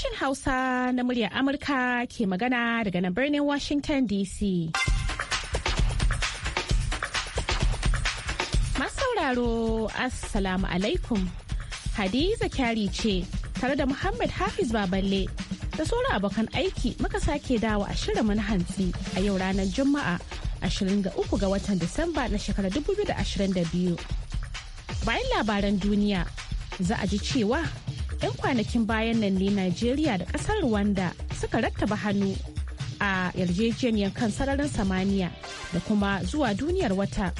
Sashen Hausa na muryar Amurka ke magana daga nan birnin Washington DC. sauraro Assalamu alaikum. Hadiza kyari ce tare da Muhammad Hafiz Baballe da sauran abokan aiki muka sake dawo a shirin mun hantsi a yau ranar Juma'a 23 ga watan Disamba na shekarar 2022. Bayan labaran duniya za a ji cewa 'yan kwanakin bayan nan ne Najeriya da ƙasar Rwanda suka rattaba hannu a yarjejeniyar kan sararin samaniya da kuma zuwa duniyar wata.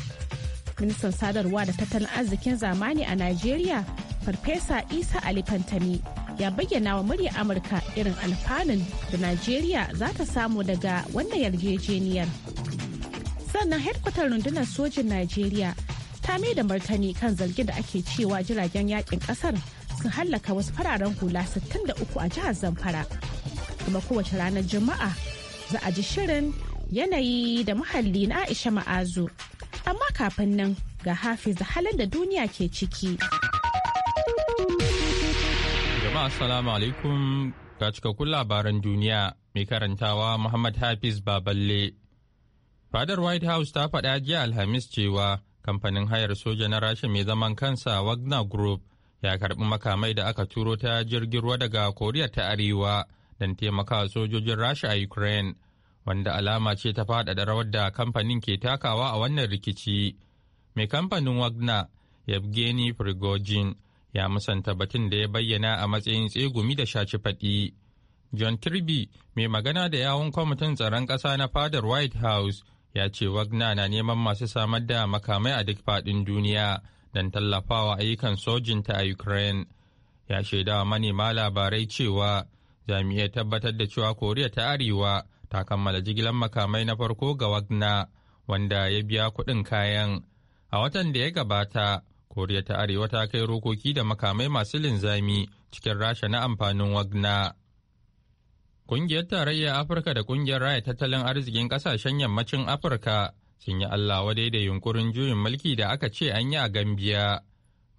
Ministan sadarwa da tattalin arzikin zamani a Najeriya, Farfesa Isa Ali Fantami ya bayyana wa murya Amurka irin alfanun da Najeriya za ta samu daga wannan yarjejeniyar. Sannan hedkwatar rundunar sojin Najeriya ta mai da martani kan zargin da ake cewa jiragen yakin kasar sun hallaka wasu fararen hula 63 a jihar zamfara kuma kowace ranar juma'a za a ji shirin yanayi da muhalli na aisha ma'azu amma kafin nan ga hafi da halin da duniya ke ciki jama'a assalamu alaikum ga cikakkun labaran duniya mai karantawa muhammad hafiz baballe fadar white house ta faɗa jiya alhamis cewa kamfanin hayar soja na rasha mai zaman kansa wagner group ya karbi makamai da aka turo ta jirgin ruwa daga koriya ta arewa don taimakawa sojojin rasha a ukraine wanda alama ce ta faɗaɗa rawar da kamfanin ke takawa a wannan rikici mai kamfanin wagner yevgeny prigojin ya musanta batun da ya bayyana a matsayin tsegumi da shaci faɗi john kirby mai magana da yawon kwamitin tsaron ƙasa na fadar white house ya ce wagner na neman masu samar da makamai a duk faɗin duniya don tallafawa ayyukan sojinta a Ukraine. Ya shaidawa manema labarai cewa jami'ai tabbatar da cewa Koriya ta Arewa ta kammala jigilar makamai na farko ga Wagner wanda ya biya kuɗin kayan. A watan da ya gabata, Koriya ta Arewa ta kai rokoki da makamai masu linzami cikin Rasha na amfanin Wagner. Kungiyar Tarayyar Afirka da Kungiyar Raya Tattalin Arzikin Ƙasashen Yammacin Afirka sun yi Allah wadai da yunkurin juyin mulki da aka ce an yi a Gambiya.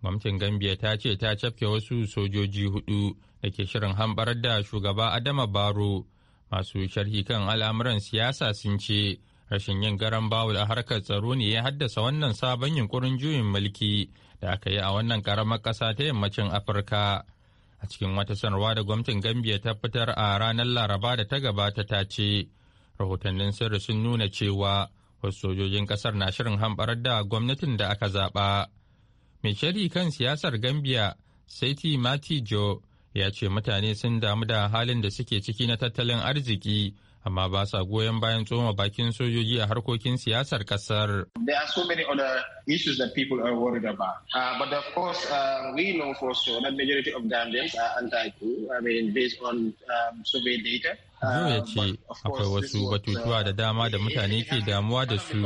Gwamnatin Gambiya ta ce ta cafke wasu sojoji hudu da ke shirin hambarar da shugaba Adama Baro. Masu sharhi kan al'amuran siyasa sun ce rashin yin garan bawul a harkar tsaro ne ya haddasa wannan sabon yunkurin juyin mulki da aka yi a wannan karamar ƙasa ta yammacin Afirka. A cikin wata sanarwa da gwamnatin Gambiya ta fitar a ranar Laraba da ta gabata ta ce, rahotannin sirri sun nuna cewa wasu sojojin kasar na shirin hamɓarar da gwamnatin da aka zaɓa. Mai kan siyasar Gambia, Saiti Matijo, ya ce mutane sun damu da halin da suke ciki na tattalin arziki amma ba sa goyon bayan tsoma bakin sojoji a harkokin siyasar kasar. There are so many other ya uh, ce akwai wasu batutuwa da uh, dama da mutane ke damuwa da su,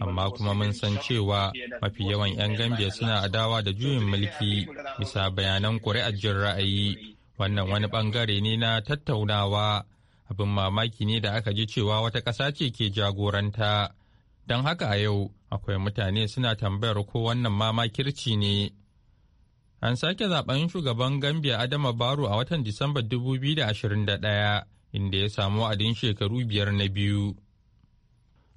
amma kuma mun san cewa mafi yawan 'yan Gambiya suna adawa da juyin mulki bisa bayanan kuri'ar jin ra'ayi. Wannan wani bangare ne na tattaunawa abin mamaki ne da aka ji cewa wata ƙasa ce ke jagoranta don haka a yau akwai mutane suna tambayar ko wannan mamakirci ne an sake zaben shugaban gambia adama baro a watan disamba 2021 inda ya samu adin shekaru biyar na biyu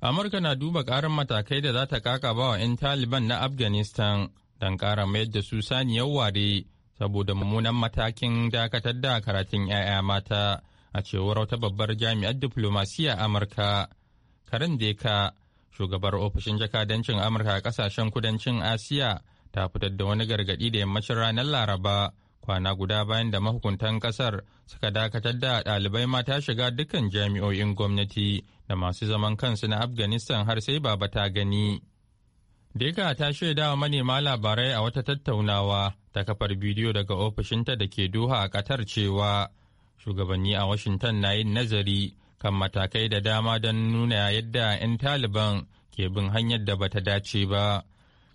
amurka na duba ƙarin matakai da za ta kakaba wa 'yan taliban na afghanistan don ƙara mayar da su saniyar ware saboda mummunan matakin dakatar da karatun 'ya'ya mata a cewar wata babbar jami'ar diplomasiya amurka karin deka shugabar ofishin jakadancin amurka a kasashen kudancin asiya ta fitar da wani gargaɗi da yammacin ranar laraba kwana guda bayan da mahukuntan kasar suka dakatar da ɗalibai mata shiga dukkan jami'o'in gwamnati da masu zaman kansu na afghanistan har sai baba ta gani deka ta shaidawa manema labarai a wata tattaunawa ta kafar bidiyo daga ofishinta da ke doha a qatar cewa shugabanni a washington na yin nazari kan matakai da dama don nuna yadda 'yan taliban ke bin hanyar da bata dace ba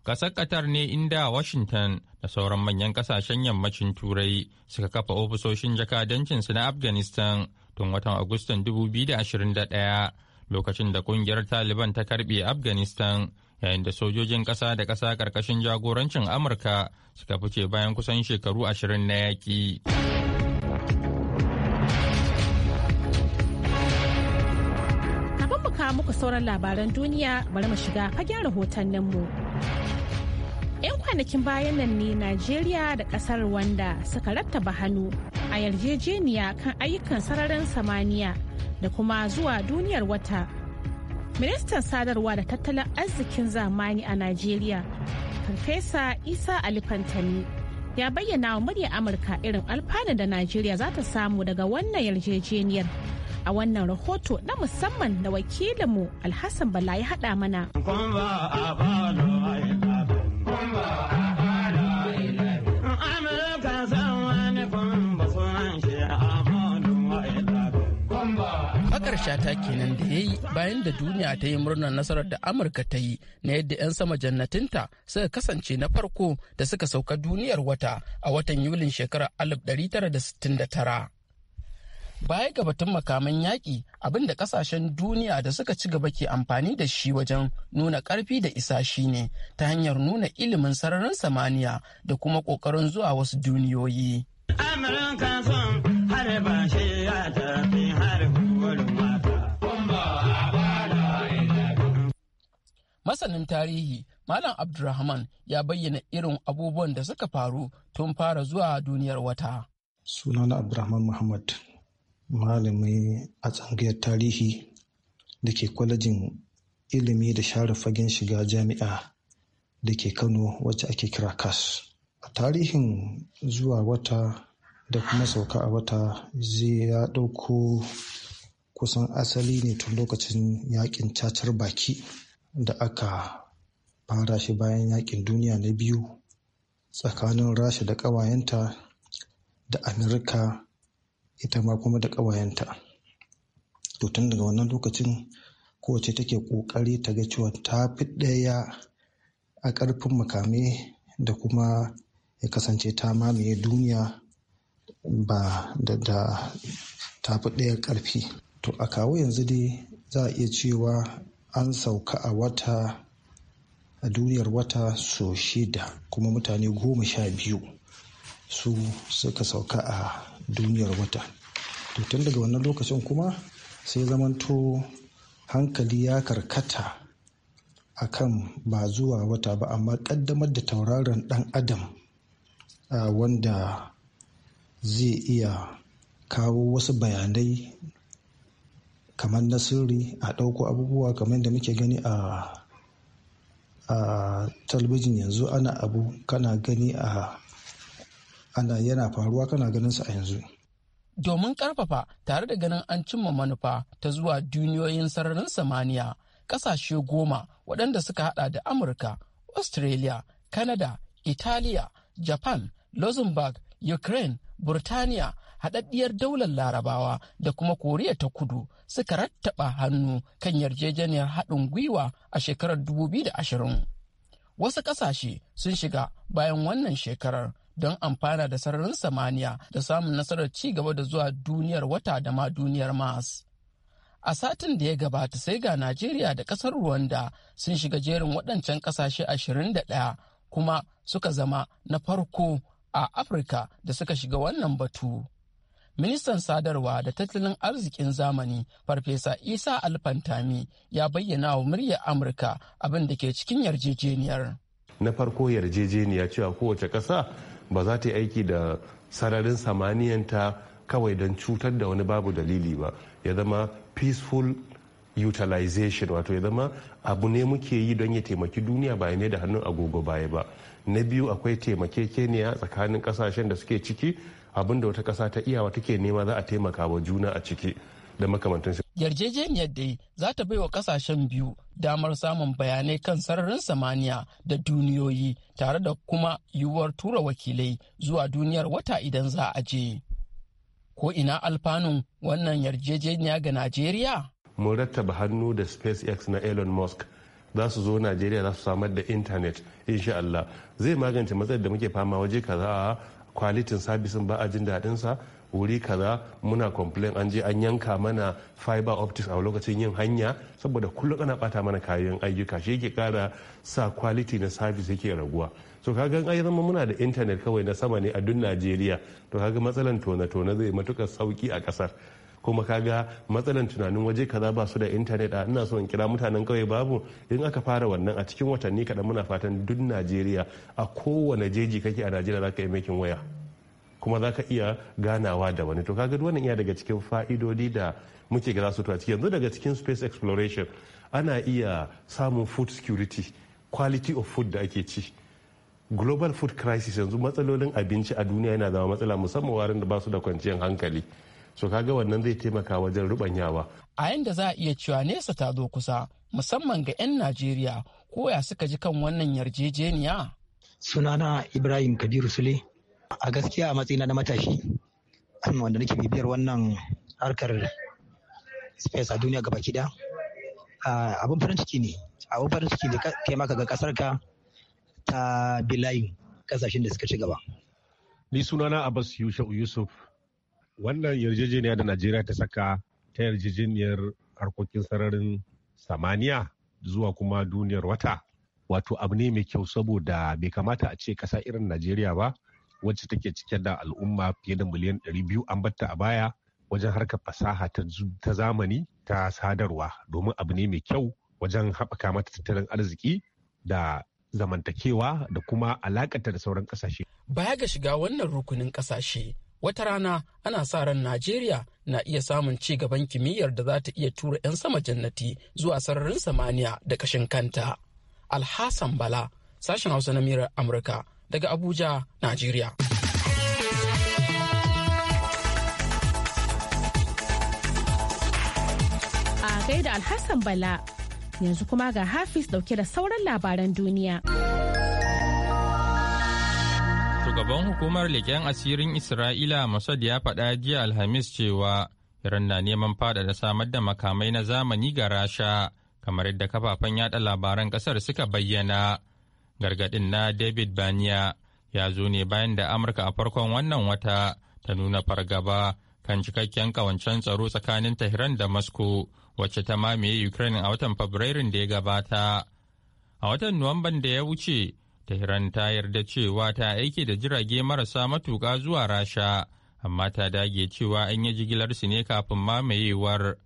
ƙasar qatar ne inda washington da sauran manyan ƙasashen yammacin turai suka kafa ofisoshin jakadancinsu na afghanistan tun watan agustan 2021 lokacin da ƙungiyar taliban ta karbe afghanistan yayin da sojojin ƙasa da ƙasa ƙarƙashin jagorancin amurka suka fice bayan kusan shekaru ashirin na yaƙi. muku sauran labaran duniya bari mu shiga fagen mu 'Yan kwanakin bayan nan ne Najeriya da kasar Rwanda suka rattaba hannu a yarjejeniya kan ayyukan sararin samaniya da kuma zuwa duniyar wata. Ministan sadarwa da tattalin arzikin zamani a Najeriya, Farfesa Isa ali fantani ya bayyana wa murya Amurka irin alfanu da Najeriya za ta samu daga wannan yarjejeniyar a wannan rahoto na musamman da wakilinmu alhassan bala ya haɗa mana. ta kenan da ya yi bayan da duniya ta yi murnar nasarar da amurka ta yi na yadda 'yan sama jannatinta suka kasance na farko da suka sauka duniyar wata a watan yulin shekarar 1969 baya ga batun makaman yaƙi abinda ƙasashen duniya da suka ci gaba ke amfani da shi wajen nuna ƙarfi da isa shi ne ta hanyar nuna ilimin sararin samaniya da kuma ƙoƙarin zuwa wasu duniyoyi. masanin tarihi malam abdulrahman ya bayyana irin abubuwan da suka faru tun fara zuwa duniyar wata sunana abdulrahman muhammad Malamai a tsangayar tarihi da ke kwalejin ilimi da share fagen shiga jami'a da ke kano wacce ake kira kas a tarihin zuwa wata da kuma sauka a wata zai ya ɗauko kusan asali ne tun lokacin yakin cacar baki da aka fara shi bayan yakin duniya na biyu tsakanin rasha da ƙawayenta da amurka ita ma kuma da ƙawayenta to tun daga wannan lokacin kowace take ƙoƙari ta ga cewa ta fi ɗaya a ƙarfin makame da kuma ya kasance ta mamaye duniya ba da ta fi ɗaya ƙarfi to a kawo yanzu dai za a iya cewa an sauka a wata a duniyar wata so shida kuma mutane goma sha biyu su suka sauka a duniyar wata to tun daga wannan lokacin kuma sai zamanto hankali ya karkata a kan ba zuwa wata ba amma ƙaddamar da tauraron ɗan adam a wanda zai iya kawo wasu bayanai kamar na sirri a ɗauko abubuwa kamar da muke gani a talbijin talabijin yanzu ana abu kana gani a ana yana faruwa kana ganin su a yanzu domin karfafa tare da ganin an cimma manufa ta zuwa duniyoyin sararin samaniya kasashe goma waɗanda suka hada da amurka australia canada italiya japan luxembourg ukraine burtaniya haɗaɗɗiyar daular larabawa da kuma koriya ta kudu suka rattaba hannu kan yarjejeniyar haɗin gwiwa a shekarar 2020 wasu ƙasashe sun shiga bayan wannan shekarar don amfana da sararin samaniya da samun nasarar ci gaba da zuwa duniyar wata da ma duniyar mars a satin da ya gabata sai ga najeriya da kasar rwanda sun shiga jerin waɗancan ƙasashe ɗaya kuma suka zama na farko a afirka da suka shiga wannan batu ministan sadarwa da tattalin arzikin zamani farfesa isa alfantami ya bayyana wa muryar amurka abin da ke cikin yarjejeniyar na farko yarjejeniya cewa kowace ƙasa ba za ta yi aiki da sararin samaniyanta kawai don cutar da wani babu dalili ba ya zama peaceful utilization wato ya zama abu ne muke yi don ya taimaki duniya ba ne da hannun agogo baya ba na biyu akwai taimakekeniya tsakanin kasashen da suke ciki da wata kasa ta iyawa take nema za a taimaka wa juna a ciki da makamantansu yarjejeniyar dai za ta wa kasashen biyu damar samun bayanai kan sararin samaniya da duniyoyi tare da kuma yiwuwar tura wakilai zuwa duniyar wata idan za a je. Ko ina alfanun wannan yarjejeniya ga Najeriya? Mun rattaba hannu da SpaceX na Elon Musk za su zo Najeriya za su samar da intanet insha Allah zai magance matsalar da muke fama waje kaza a kwalitin sabisin ba a jin daɗinsa wuri kaza muna complain an je an yanka mana fiber optics a lokacin yin hanya saboda kullum ana bata mana kayan ayyuka shi yake kara sa quality na service yake raguwa so kaga an zama muna da internet kawai na sama ne a duk Najeriya to kaga matsalan tona tona zai matukar sauki a kasar kuma kaga matsalan tunanin waje kaza ba su da intanet a ina so in kira mutanen kawai babu in aka fara wannan a cikin watanni kaɗan muna fatan duk najeriya a kowane jeji kake a najeriya za ka yi mekin waya kuma za ka iya ganawa da wani to kaga wannan iya daga cikin fa'idodi da muke ga su ciki yanzu daga cikin space exploration ana iya samun food security quality of food da ake ci global food crisis yanzu matsalolin abinci a duniya yana zama matsala musamman warin da ba su da kwanciyar hankali so kaga wannan zai taimaka wajen rubanyawa a yanda za a iya cewa nesa ta zo kusa musamman ga 'yan najeriya koya suka ji kan wannan yarjejeniya sunana ibrahim kabiru sule A gaskiya a matsayina na matashi wanda nake bibiyar wannan harkar space a duniya gaba ki abin farin ciki ne abin farin ciki ne kai maka ga kasar ka ta bilayin kasashen da suka ci gaba ni sunana abbas yushau yusuf wannan yarjejeniya da najeriya ta saka ta yarjejeniyar harkokin sararin samaniya zuwa kuma duniyar wata wato abu ne mai kyau saboda bai kamata a ce kasa irin najeriya ba wacce take cike da al'umma fiye da miliyan 200 an batta a baya wajen harka fasaha ta zamani ta sadarwa domin abu ne mai kyau wajen haɓaka mata tattalin arziki da zamantakewa da kuma alakata da sauran ƙasashe. Baya ga shiga wannan rukunin ƙasashe, wata rana ana sa ran Najeriya na iya samun ci gaban kimiyyar da za ta iya tura 'yan sama jannati zuwa sararin samaniya da kashin kanta. Alhassan Bala, sashen Hausa na Mirar Amurka, daga Abuja, Najeriya. A gaida Alhassan Bala, yanzu kuma ga Hafiz dauke da sauran labaran duniya. Shugaban hukumar leken asirin Isra'ila Mossad ya faɗa jiya Alhamis cewa Iran na neman fada da samar da makamai na zamani ga Rasha, kamar yadda kafafen yada labaran ƙasar suka bayyana. gargaɗin na david baniya ya zo ne bayan da amurka a farkon wannan wata ta nuna fargaba kan cikakken kawancen tsaro tsakanin tehran da moscow wacce ta mamaye ukraine a watan fabrairun da ya gabata a watan nuwamban da ya wuce tehran ta yarda cewa ta aiki da jirage marasa matuka zuwa rasha amma ta dage cewa an yi jigilarsu ne kafin mamayewar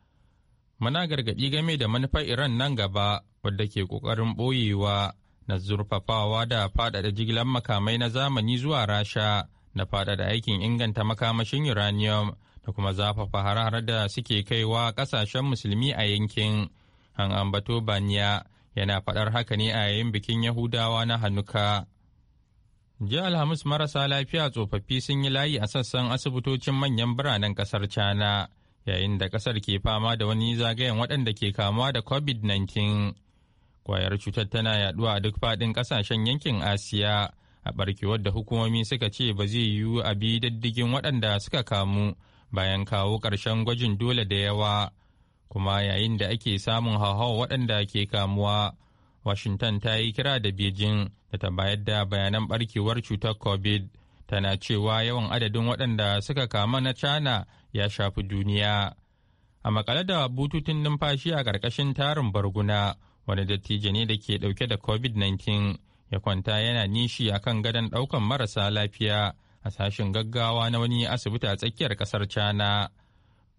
muna gargaɗi game da manufar iran nan gaba wadda ke ƙoƙarin ɓoyewa na zurfafawa da fadada jigilar makamai na zamani zuwa rasha da fadada aikin inganta makamashin uranium da kuma zafafa har da suke kaiwa kasashen musulmi a yankin an ambato baniya yana fadar haka ne a yayin bikin yahudawa na hanuka ji alhamis marasa lafiya tsofaffi sun yi layi a sassan asibitocin manyan biranen kasar china yayin da kasar ke fama da wani zagayen waɗanda ke kamuwa da covid-19 Kwayar cutar tana yaduwa a duk faɗin ƙasashen yankin Asiya a barkewar da hukumomi suka ce ba zai yiwu a bi diddigin waɗanda suka kamu bayan kawo ƙarshen gwajin dole da yawa. Kuma yayin da ake samun hauhawar waɗanda ke kamuwa, Washington ta yi kira da Beijing da ta bayar da bayanan barkewar cutar COVID. Tana cewa yawan adadin waɗanda suka kama na China ya shafi duniya. A makale da bututun numfashi a ƙarƙashin tarin barguna, wani dattijo ne da ke dauke da covid-19 ya kwanta yana nishi a kan gadon daukan marasa lafiya a sashen gaggawa na wani asibiti a tsakiyar kasar china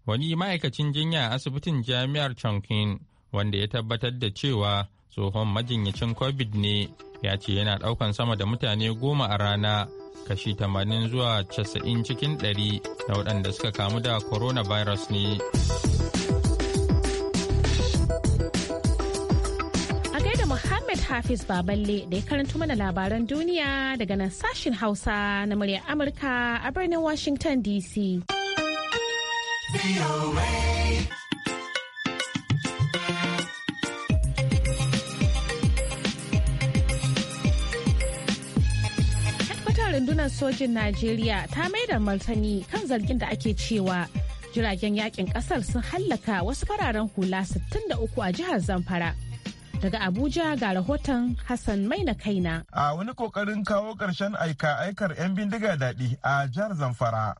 wani ma'aikacin jinya a asibitin jami'ar chongqing wanda ya tabbatar da cewa tsohon majinyacin covid ne ya ce yana daukan sama da mutane goma a rana kashi tamanin zuwa 90 cikin 100 na waɗanda suka kamu da coronavirus ne. Hafiz Baballe da ya karanto mana labaran duniya daga nan sashin Hausa na muryar Amurka a birnin Washington DC. rundunar sojin Najeriya ta mai da martani kan zargin da ake cewa jiragen yakin kasar sun hallaka wasu fararen hula 63 a jihar Zamfara Daga Abuja ga rahoton Hassan mai na Kaina. A wani kokarin kawo ƙarshen aika-aikar 'yan bindiga daɗi a jihar Zamfara.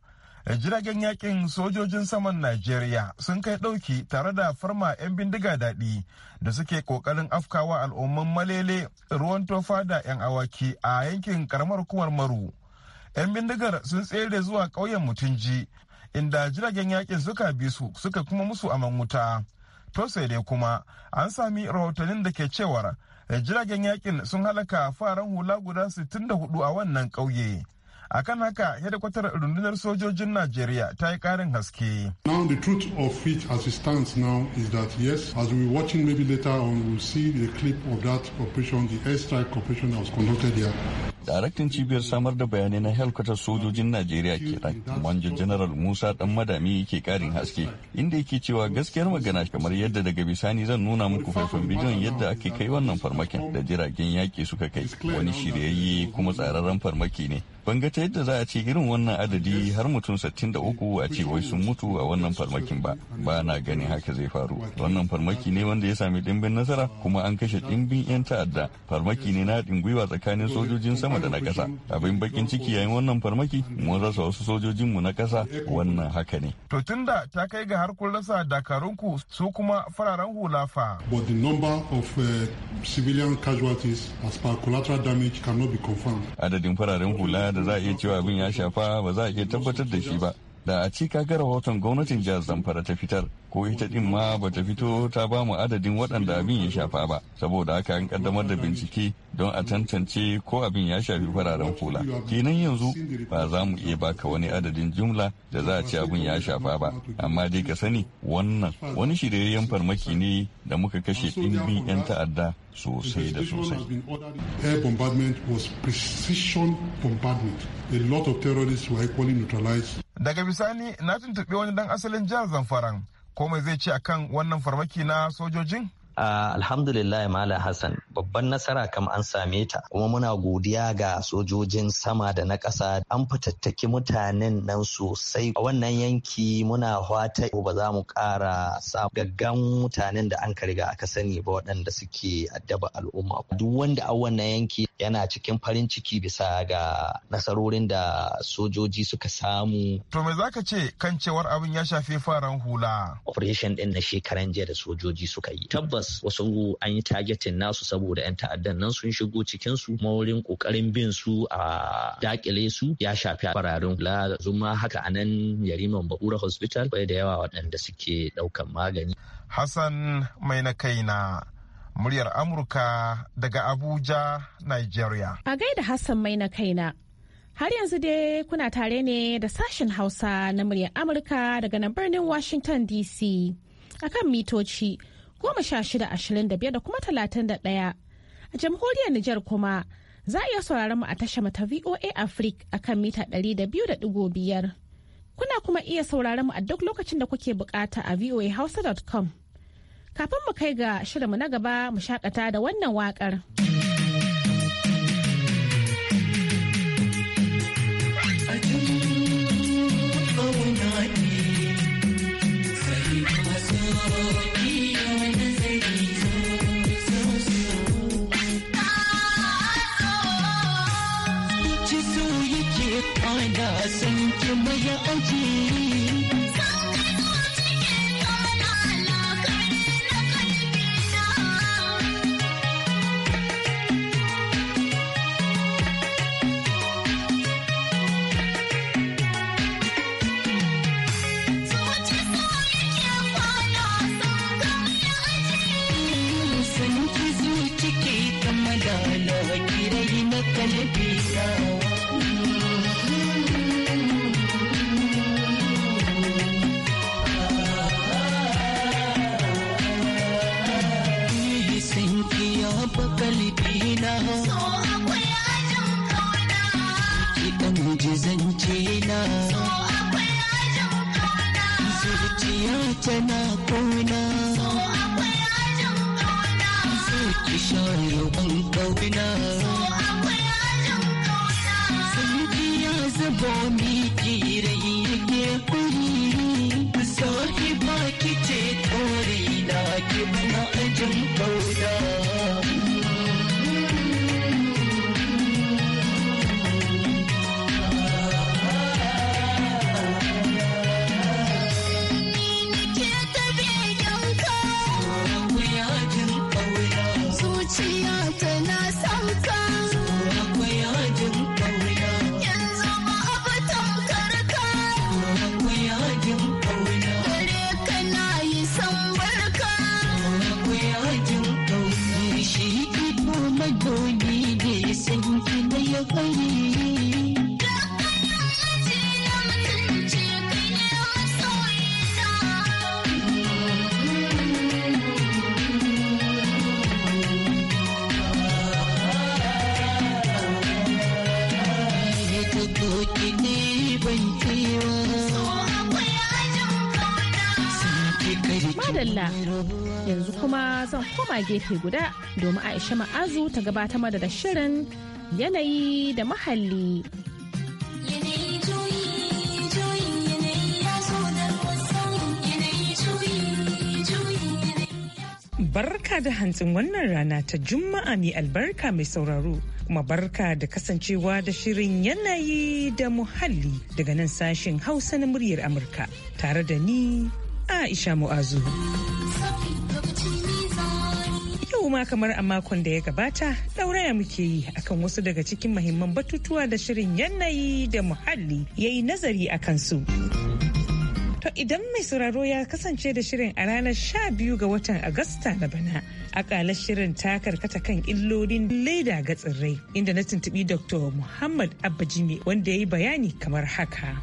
Jiragen yakin sojojin saman Najeriya sun kai ɗauki tare da farma 'yan bindiga daɗi da suke kokarin afkawa al'umman malele ruwan tofa da 'yan awaki a yankin karamar kumar Maru. 'Yan bindigar sun tsere zuwa ƙauyen mutunji inda jiragen yakin suka bi su suka kuma musu aman wuta. to sai dai kuma an sami rahotannin da ke cewar eh, jiragen yakin sun halaka faran hula guda 64 a wannan ƙauye a kan haka hedikwatar rundunar sojojin najeriya ta yi karin haske now the truth of it as it stands now is that yes as we watching maybe later on we'll see the clip of that operation the airstrike operation that was conducted here daraktan cibiyar samar da bayanai na helkwatar sojojin najeriya kenan manjo general musa dan madami yake karin haske inda yake cewa gaskiyar magana kamar yadda daga bisani zan nuna muku faifan bidiyon yadda ake kai wannan farmakin da jiragen yaƙi suka kai wani shiryayye kuma tsararren farmaki ne ban ga ta yadda za a ce irin wannan adadi har mutum 63 a ce wai sun mutu a wannan farmakin ba ba na ganin haka zai faru wannan farmaki ne wanda ya sami dimbin nasara kuma an kashe dimbin yan ta'adda farmaki ne na haɗin gwiwa tsakanin sojojin sama da na ƙasa abin bakin ciki yayin wannan farmaki mun rasa wasu sojojin mu na ƙasa wannan haka ne to tunda ta kai ga har kun rasa dakarunku su kuma fararen hula fa but the number of uh, civilian casualties as per collateral damage cannot be confirmed adadin fararen hula da za a iya cewa abin ya shafa ba za a iya tabbatar da shi ba da a ci kaga rahoton gwamnatin jihar zamfara ta fitar ko ita din ma ba ta fito ta ba mu adadin waɗanda abin ya shafa ba saboda haka an kaddamar da bincike don a tantance ko abin ya shafi fararen hula kenan yanzu ba za mu iya baka wani adadin jumla da za a ci abin ya shafa ba amma dai ka sani wannan wani shiryayyen farmaki ne da muka kashe ɗimbin 'yan ta'adda sosai da sosai. Air bombardment was precision bombardment. A lot of terrorists were equally neutralized. Daga bisani na tuntuɓi wani dan asalin jihar Zamfaran. Komai zai ce akan wannan farmaki na sojojin? alhamdulillah malam hassan babban nasara kam an same ta kuma muna godiya ga sojojin sama da na ƙasa an fitattaki mutanen nan sosai a wannan yanki muna hwata ba za mu ƙara sa gaggan mutanen da an riga aka sani ba waɗanda suke addaba al'umma duk wanda a wannan yanki yana cikin farin ciki bisa ga nasarorin da sojoji suka samu to me zaka ce kan cewar abin ya shafi faran hula operation ɗin na shekaran jiya da sojoji suka yi tabbas tabbas wasu an yi targetin nasu saboda 'yan ta'addan nan sun shigo cikin su maurin kokarin bin su a dakile su ya shafi fararen la zuma haka anan yariman bakura hospital bai da yawa waɗanda suke ɗaukan magani hassan mai na kaina muryar amurka daga abuja nigeria a gaida hassan mai na kaina Har yanzu dai kuna tare ne da sashen Hausa na muryar Amurka daga nan birnin Washington DC akan mitoci goma sha shida ashirin da biyar da kuma talatin da ɗaya. A jamhuriyar Nijar kuma za a iya sauraron mu a tashar ta VOA Africa a kan mita ɗari da biyu da ɗigo biyar. Kuna kuma iya sauraron mu a duk lokacin da kuke bukata a voahausa.com. Kafin mu kai ga shirin mu na gaba mu shakata da wannan waƙar. Doki ne ban Madalla yanzu kuma zan koma gefe guda domin Aisha Ma'azu ta gabatar da shirin yanayi da mahalli. barka da hantsin wannan rana ta Juma'a mai albarka mai sauraro. Kuma barka da kasancewa da shirin yanayi da muhalli daga nan sashen Hausa na muryar Amurka tare da ni Aisha Mu'azu. Yau ma kamar a makon da ya gabata ɗauraya muke yi akan wasu daga cikin mahimman batutuwa da shirin yanayi da muhalli ya yi nazari a kansu. To idan mai sauraro ya kasance da shirin a ranar sha biyu ga watan Agusta na bana. Akalar shirin ta karkata kan illolin leda ga tsirrai inda na tuntubi Dr. Muhammad Abba Jimi wanda ya yi bayani kamar haka.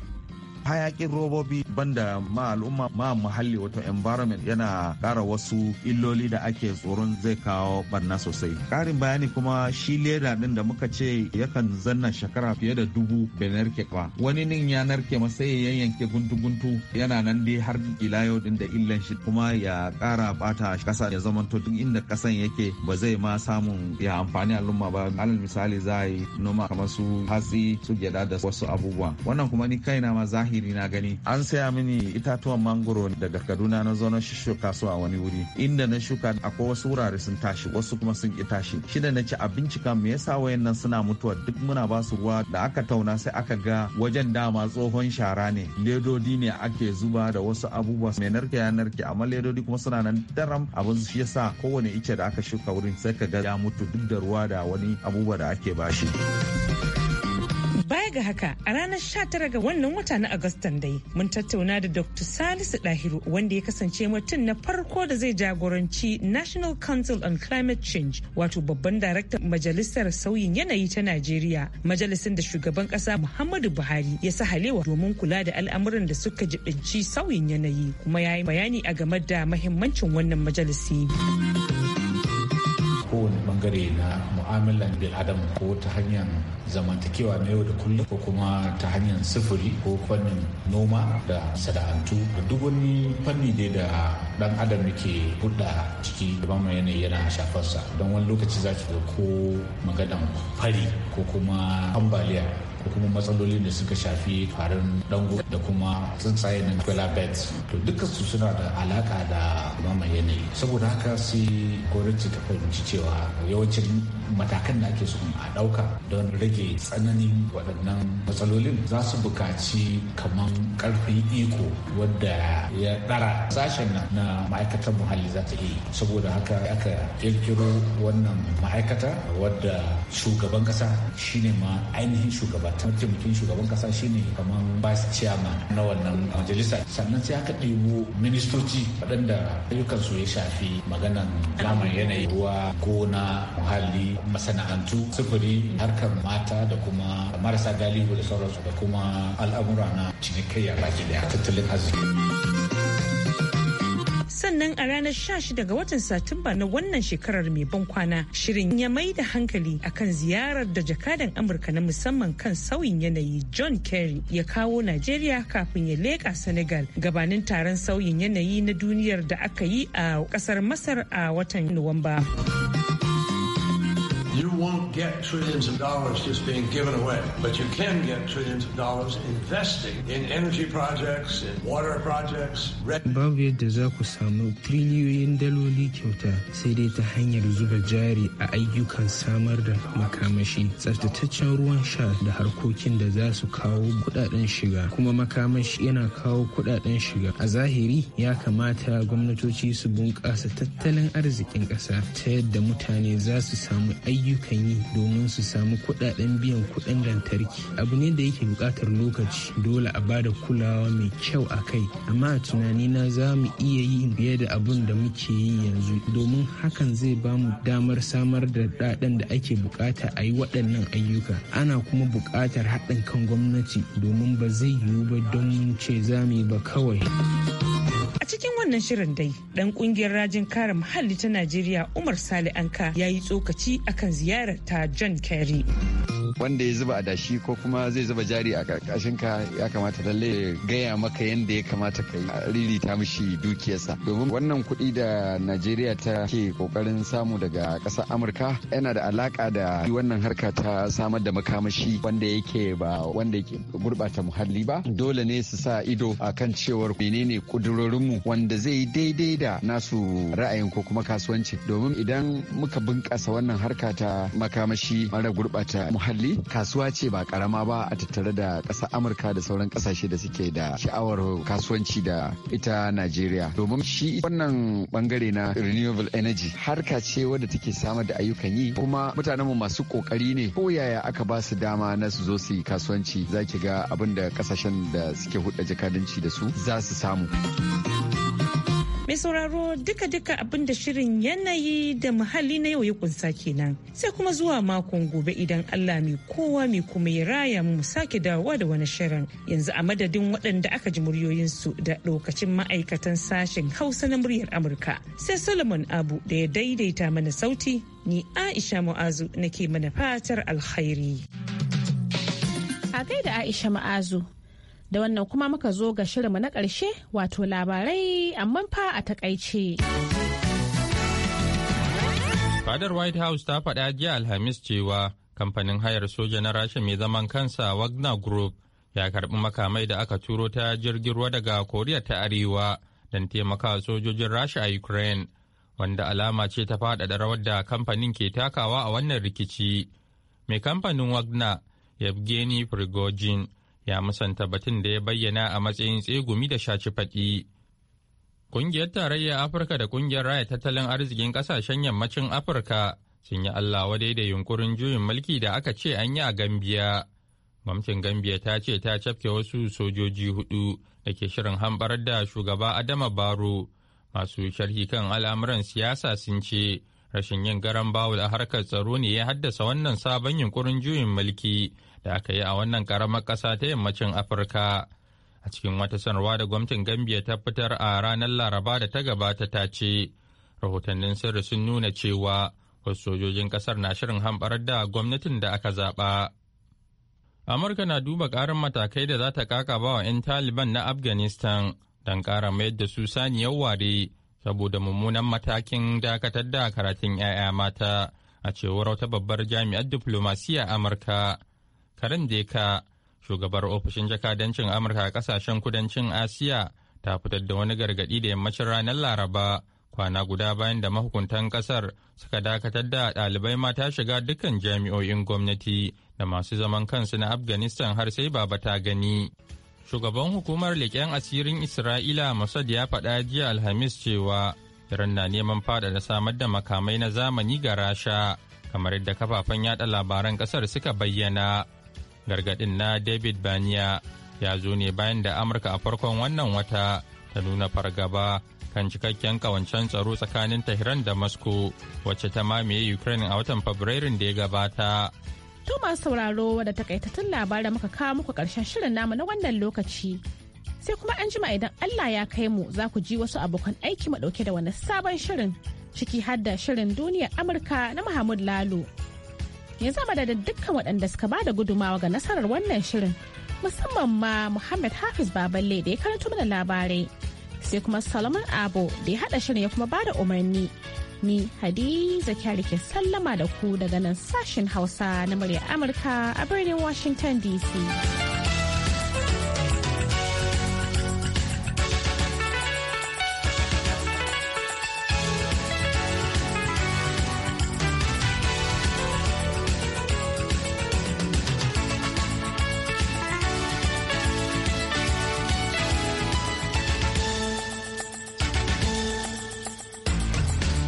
hayakin robobi banda ma al'umma ma muhalli wato environment yana kara wasu illoli da ake tsoron zai kawo barna sosai karin bayani kuma shi leda din da muka ce yakan zanna shekara fiye da dubu bai narke ba wani nin ya narke masa ya yanke guntu-guntu yana nan dai har ila yau din da illan shi kuma ya kara bata kasa ya zamanto duk inda kasan yake ba zai ma samun ya amfani al'umma ba alal misali za a yi noma kamar su hatsi su gyada da wasu abubuwa wannan kuma ni kaina ma zahiri na gani an sai gaya mini itatuwan mangoro daga kaduna na zo na shuka su a wani wuri inda na shuka akwai wasu wurare sun tashi wasu kuma sun ki tashi shida na ci abinci bincika me yasa wayannan suna mutuwa duk muna ba su ruwa da aka tauna sai aka ga wajen dama tsohon shara ne ledodi ne ake zuba da wasu abubuwa mai narke ya narke amma ledodi kuma suna nan daram abin shi yasa kowane ice da aka shuka wurin sai ka ga ya mutu duk da ruwa da wani abubuwa da ake bashi. Baya ga haka a ranar 19 ga wannan wata na Agustan dai mun tattauna da Dr. Salisu Dahiru wanda ya kasance mutum na farko da zai jagoranci National Council on Climate Change wato babban daraktan majalisar sauyin yanayi ta Najeriya majalisin da shugaban kasa Muhammadu Buhari ya sa halewa domin kula da al'amuran da suka jibinci sauyin yanayi kuma ya yi bayani a game da mahimmancin wannan majalisi. bangare na mu'amalan bil ko ta hanyar zamantakewa na yau da kullum ko kuma ta hanyar sufuri ko fannin noma da sana'antu da duk wani fanni dai da dan adam yake hudda ciki da ba yanayi yana shafarsa don wani lokaci za ki ga ko maganan fari ko kuma ambaliya da kuma matsalolin da suka shafi farin dango da kuma tsuntsaye na bet. to duka su suna da alaka da mama yanayi saboda haka sai gwamnati ta fahimci cewa yawancin matakan da ake so a ɗauka don rage tsananin waɗannan matsalolin za su buƙaci kamar ƙarfin iko wadda ya ɗara sashen nan na ma'aikatar muhalli za ta iya saboda haka aka ƙirƙiro wannan ma'aikata wadda shugaban ƙasa shine ma ainihin shugaban mataimakin shugaban kasa shine kamar vice chairman na wannan majalisa sannan sai aka ɗebo ministoci waɗanda ayyukan su ya shafi maganan lamar yanayi ruwa gona muhalli masana'antu sufuri harkar mata da kuma marasa galihu da sauransu da kuma al'amura na cinikayya baki da tattalin arziki. sannan a ranar 16 ga watan satumba na wannan shekarar mai ban kwana shirin ya mai da hankali akan ziyarar da jakadan amurka na musamman kan sauyin yanayi john kerry ya kawo najeriya kafin ya leƙa senegal gabanin taron sauyin yanayi na duniyar da aka yi a kasar masar a watan nuwamba. won't get trillions of dollars just being given away, but you can get trillions of dollars investing in energy projects, in water projects. Babu yadda za ku samu triliyoyin daloli kyauta sai dai ta hanyar zuba jari a ayyukan samar da makamashi, tsaftataccen ruwan sha da harkokin da za su kawo kudaden shiga, kuma makamashi yana kawo kudaden shiga. A zahiri ya kamata gwamnatoci su bunƙasa tattalin arzikin ƙasa ta yadda mutane za su samu ayyukan sukan yi domin su samu kuɗaɗen biyan kuɗin lantarki abu ne da yake buƙatar lokaci dole a bada kulawa mai kyau a kai amma a tunani na za mu iya yi biye da abun da muke yi yanzu domin hakan zai ba mu damar samar da daɗin da ake buƙata a yi waɗannan ayyuka ana kuma buƙatar haɗin kan gwamnati domin ba zai yiwu ba don ce za mu yi ba kawai. A cikin wannan shirin dai, ɗan ƙungiyar rajin kare muhalli ta Najeriya Umar Sale Anka ya yi tsokaci akan ziyarar ta John Kerry. wanda ya zuba adashi ko kuma zai zuba jari a karkashin ka ya kamata lalle gaya maka yadda ya kamata ka ta mishi dukiyarsa domin wannan kuɗi da najeriya ta ke kokarin samu daga ƙasar amurka yana da alaka da wannan harka ta samar da makamashi wanda yake ba wanda yake gurɓata muhalli ba dole ne su sa ido akan cewar menene kudurorinmu wanda zai yi daidai da nasu ra'ayin ko kuma kasuwanci domin idan muka bunƙasa wannan harka ta makamashi mara gurɓata muhalli fili kasuwa ce ba karama ba a tattare da ƙasa Amurka da sauran ƙasashe da suke da sha'awar kasuwanci da ita Najeriya. Domin shi wannan bangare na renewable energy harka ce wadda take samar da ayyukan yi kuma mutanen mu masu kokari ne ko yaya aka ba su dama na su zo su yi kasuwanci zaki ga abin da kasashen da suke hudda jakadanci da su za su samu. Mai sauraro duka-duka abinda shirin yanayi da muhalli na yau ya kunsa kenan. Sai kuma zuwa makon gobe idan Allah mai kowa mai kuma ya raya mu sake dawowa da wani shirin. Yanzu a madadin waɗanda aka ji muryoyinsu da lokacin ma'aikatan sashen Hausa na muryar Amurka. Sai Solomon Abu da ya daidaita mana sauti ni Aisha Mu'azu nake mana fatar alkhairi. A gaida Aisha Ma'azu. da wannan kuma muka zo ga shirinmu na ƙarshe wato labarai amma fa a takaice. Fadar White House ta faɗa jiya Alhamis cewa kamfanin hayar soja na Rasha mai zaman kansa Wagner Group ya karɓi makamai da aka turo ta jirgin ruwa daga Koriya ta Arewa don taimakawa sojojin Rasha a Ukraine, wanda alama ce ta faɗaɗa rawar da kamfanin ke takawa a wannan rikici. Mai kamfanin Wagner, Yevgeny Prigozhin, ya musanta batun da ya bayyana a matsayin tsegumi da shaci faɗi. Ƙungiyar Tarayyar Afirka da Ƙungiyar Raya Tattalin Arzikin Ƙasashen Yammacin Afirka sun yi Allah wadai da yunkurin juyin mulki da aka ce an yi a Gambiya. Gwamnatin Gambiya ta ce ta cafke wasu sojoji hudu da ke shirin hambar da shugaba Adama Baro. Masu sharhi kan al'amuran siyasa sun ce rashin yin garan bawul a harkar tsaro ne ya haddasa wannan sabon yunkurin juyin mulki da aka yi a wannan karamar ƙasa ta yammacin afirka a cikin wata sanarwa da gwamnatin gambia ta fitar a ranar laraba da ta gabata ta ce rahotannin sirri sun nuna cewa wasu sojojin ƙasar na shirin hamɓarar da gwamnatin da aka zaɓa amurka na duba ƙarin matakai da za ta kaka ba 'yan taliban na afghanistan don ƙara mayar da su saniyar ware saboda mummunan matakin dakatar da karatun 'ya'ya mata a cewar wata babbar jami'ar diflomasiyya amurka Karen Deka, shugabar ofishin jakadancin Amurka a kasashen kudancin Asiya, ta fitar da wani gargaɗi da yammacin ranar Laraba kwana guda bayan da mahukuntan kasar suka dakatar da ɗalibai mata shiga dukkan jami'o'in gwamnati da masu zaman kansu na Afghanistan har sai baba ta gani. Shugaban hukumar leƙen asirin Isra'ila Mossad ya faɗa jiya Alhamis cewa Iran na neman fada faɗaɗa samar da makamai na zamani ga Rasha, kamar yadda kafafen yaɗa labaran ƙasar suka bayyana. gargadin na david baniya ya zo ne bayan da amurka a farkon wannan wata ta nuna fargaba kan cikakken kawancen tsaro tsakanin tehran da moscow wacce ta mamaye ukraine a watan fabrairun da ya gabata to masu sauraro wadda takaitattun labarin muka kawo muku karshen shirin namu na wannan lokaci sai kuma an jima idan allah ya kai mu za ku ji wasu abokan aiki mu dauke da wani sabon shirin ciki har da shirin duniyar amurka na Muhammad Lalo. ya zama da dukkan waɗanda suka ba da gudumawa ga nasarar wannan shirin musamman ma muhammad hafiz baballe da ya karanto mana labarai sai kuma solomon abo da ya haɗa shirin ya kuma ba da umarni ni hadiza kyari ke sallama da ku daga nan sashen hausa na murya amurka a birnin washington dc